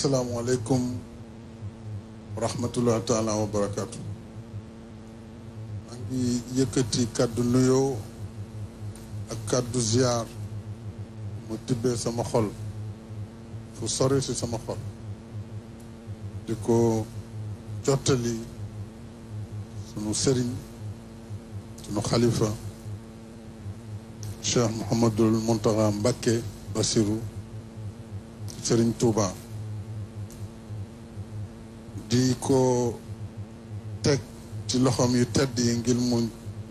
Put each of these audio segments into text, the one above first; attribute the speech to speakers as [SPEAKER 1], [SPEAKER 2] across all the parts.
[SPEAKER 1] asalaamaaleykum wa rahmatullahi taala wa barakaatu maa ngi yëkkati kàddu nuyoo ak kàddu ziar mu tibbee sama xol fu sore si sama xol di ko jottali sunu sëriñ sunu xalifa cheikh Mouhamadul Mountakha Mbacké Bassirou sëriñ tuubaa di ko teg ci loxoom yi tedd yi ngir mu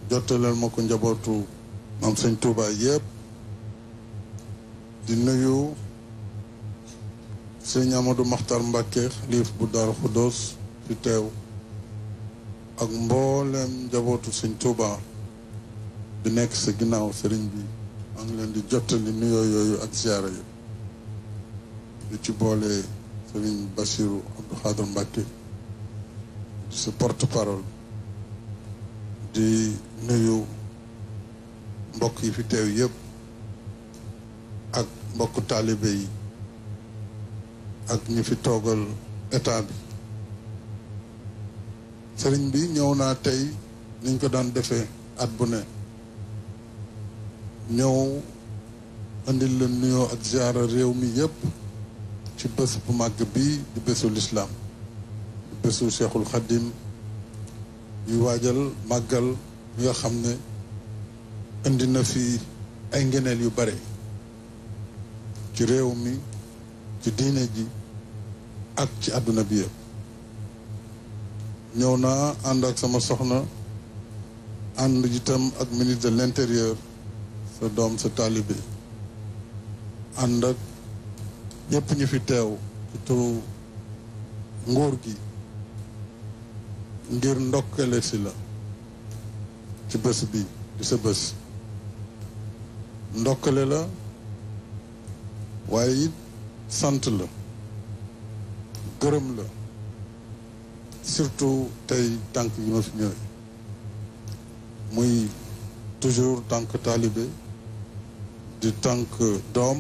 [SPEAKER 1] jottaleel ma ko njabootu am sëñ Touba yëpp di nuyu sëñ Amadou Maxtar Mbacke xaliif bu Daaru Xuddoos fi teew ak mbooleem njabootu sëñ Touba bi nekk sa ginnaaw sëriñ bi maa leen di jottali nuyoo yooyu ak ziyaara yi lu ci boole. Serigne Bassirou Abdou Khadre di sa mbokk yi fi yëpp ak mbokk taalibe yi ak ñi fi toogal état sëriñ bi ñëw naa tey niñ ko daan defee at bu ne ñëw andil la nuyoo ak ziara réew mi yëpp ci bés bu màgg bi di bésu lislaam di bésu cheikhul xadim yuy waajal màggal bi nga xam ne indi na fi ay ngeneel yu bare ci réew mi ci diine ji ak ci àdduna bi yëpp ñëw naa ànd ak sama soxna ànd itam ak ministre l'intérieur sa doom sa taalibe ànd ak ñëpp ñu fi teew ci nguur gi ngir ndokkale si la ci bés bi di sa bés ndokkale la waaye it sant la gërëm la surtout tey tànk yi ma fi ñëwee muy toujours tànk taalibe di tànk doom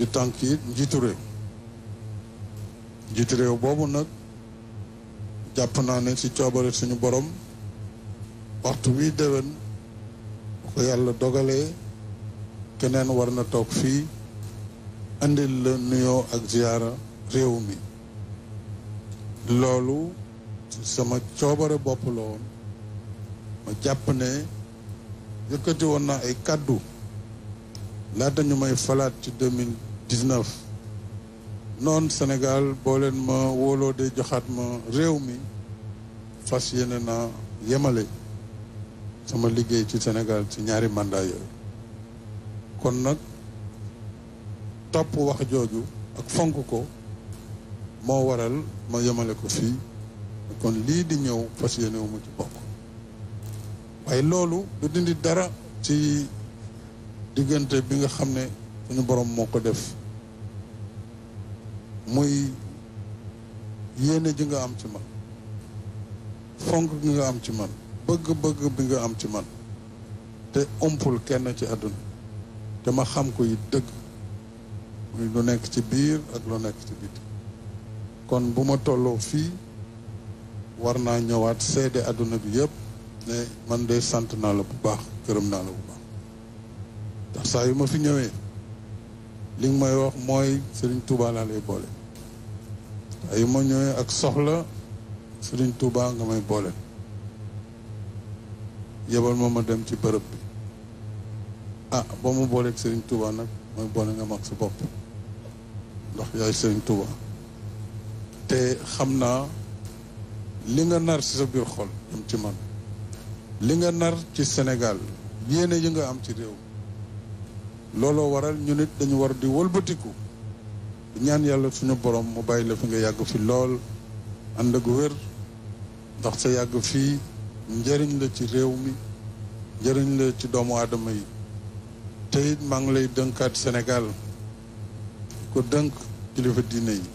[SPEAKER 1] di tànk yi njiitu réew boobu nag jàpp naa ne ci coobare suñu boroom waxtu wii déwén ko yàlla dogalee keneen war na toog fii indi la nuyoo ak ziyaara réew mi loolu sama coobare bopp la woon ma jàpp ne yëkkati woon naa ay kàddu laata ñu may falaat ci 2000 19 noonu Sénégal boo ma wóoloo de joxaat ma réew mi fas yéene naa yemale sama liggéey ci Sénégal ci ñaari mandat yooyu kon nag topp wax jooju ak fonk ko moo waral ma yemale ko fii kon lii di ñëw fas yéene wu ma ci bokk waaye loolu du dindi dara ci diggante bi nga xam ne suñu borom moo ko def muy yéene ji nga am ci man fonk gi nga am ci man bëgg-bëgg bi nga am ci man te umpul kenn ci àdduna te ma xam ko yi dëgg muy lu nekk ci biir ak lu nekk ci biti kon bu ma tolloo fii war naa ñëwaat seede àdduna bi yépp ne man de sant naa la bu baax këram naa la bu baax ndax saa yu ma fi ñëwee li nga may wax mooy Serigne Touba laa lay boole ay ma ñëwee ak soxla Serigne tuubaa nga may boole yebal ma ma dem ci bërëb bi ah boo mu booleeg sëriñ tuubaa nag mooy boole nga mag sa bopp ndox yaay Serigne Touba te xam naa li nga nar ci sa biir xol am ci man li nga nar ci senegal yéene yi nga am ci réew looloo waral ñu nit dañu war di wëlbatiku ñaan yàlla suñu borom mu bàyyi la fi nga yàgg fi lool ànd ak wér ndax sa yàgg fii njëriñ la ci réew mi njëriñ la ci doomu aadama yi te it maa ngi lay dënkaat Sénégal ko dënk kilifa diine yi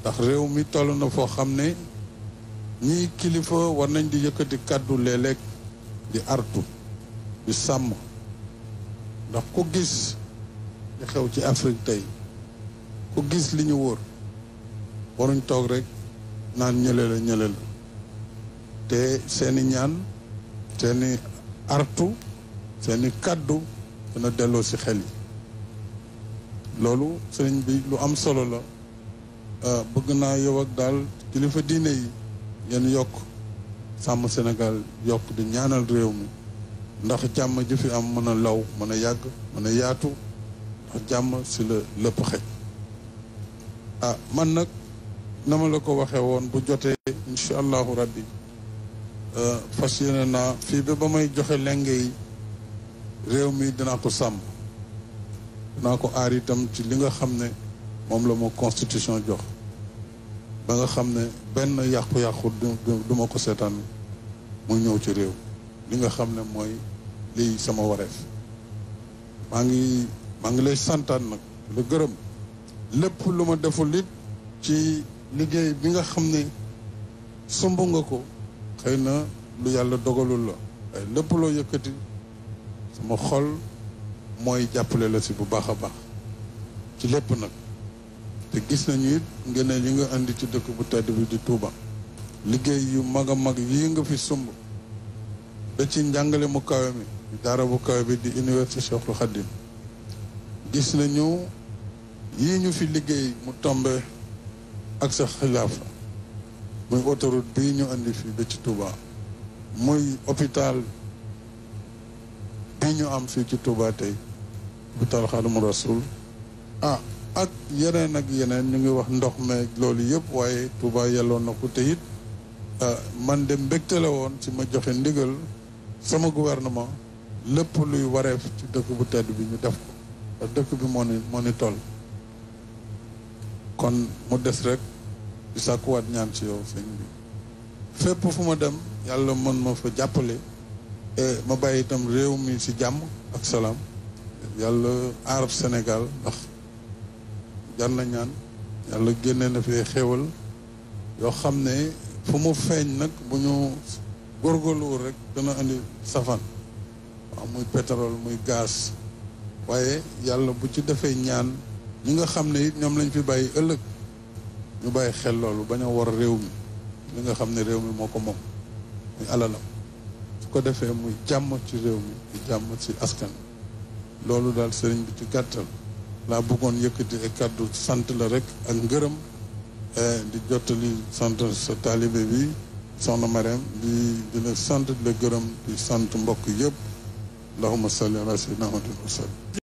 [SPEAKER 1] ndax réew mi toll na foo xam ne ñii kilifa war nañ di yëkkati kàddu léeg-léeg di artu di sàmm ndax ko gis li xew ci Afrique tey ko gis li ñu wóor waruñ toog rek naan ñële la ñële la te seeni ñaan seeni artu seeni kàddu dana delloo ci xel yi loolu sëriñ bi lu am solo la euh, bëgg naa yow ak daal kilifa diine yi ngeen yokk sàmm senegal yokk di ñaanal réew mi ndax jàmm ji fi am mën a law mën a yàgg mën a yaatu ndax jàmm si la lépp xëj ah man nag na ma la ko waxee woon bu jotee incha allahu rabbi euh, fas yéene naa fii ba ba may joxe lenge réew mi dinaa ko sàmm dinaa ko aar itam ci li nga xam ne moom la ma constitution jox ba nga xam ne benn yàqu-yàqu du ma ko seetaan mu ñëw ci réew li nga xam ne mooy lii sama wareef maa ngi maa ngi lay santaan nag lu gërëm lépp lu ma deful it ci liggéey bi nga xam ne sumb nga ko xëy na lu yàlla dogalul la waaye lépp loo yëkkati sama xol mooy jàppale la si bu baax a baax ci lépp nag te gis nañu it ngeen ne yi nga indi ci dëkk bu tedd bi di Touba liggéey yu mag a mag yii nga fi sumb ba ci njàngale mu kawe bi daara bu kawe bi di université Cheikhul Khadim gis nañu yii ñu fi liggéey mu tombe ak sa xilaafa muy autoroute bii ñu indi fii ba ci Touba muy hôpital bi ñu am fii ci Touba tey hôpital Khadimou Rassoul ah ak yeneen ak yeneen ñu ngi wax ndox meeg loolu yëpp waaye Touba yelloon na ko te ah, man de mbégte woon ci ma joxe ndigal sama gouvernement lépp luy wareef ci dëkk bu tedd bi ñu def ko dëkk bi moo ni moo ni kon mu des rek di sàkkuwaat ñaan ci yow sëñ fu ma dem yàlla mën ma fa jàppale et ma bàyyi itam réew mi ci jàmm ak salaam yàlla aarab Sénégal ndax jar ñaan yàlla génne na fi xéewal yoo xam ne fu mu feeñ nag bu ñu góorgóorluwul rek dana indi safan waaw muy pétrole muy gaz waaye yàlla bu ci defee ñaan ñi nga xam ne it ñoom lañ fi bàyyi ëllëg ñu bàyyi xel loolu bañ a war réew mi li nga xam ne réew mi moo ko moom muy alalam su ko defee muy jàmm ci réew mi di jàmm ci askan loolu daal sëriñ bi ci gàttal laa bëggoon yëkkati ay kàddu sant la rek ak ngërëm eh, di jottali sant sa taalibe bi soxna Mariam di di sant di la gërëm di sant mbokk yëpp allahumma salli ala sayyidina Muhammad wa sallam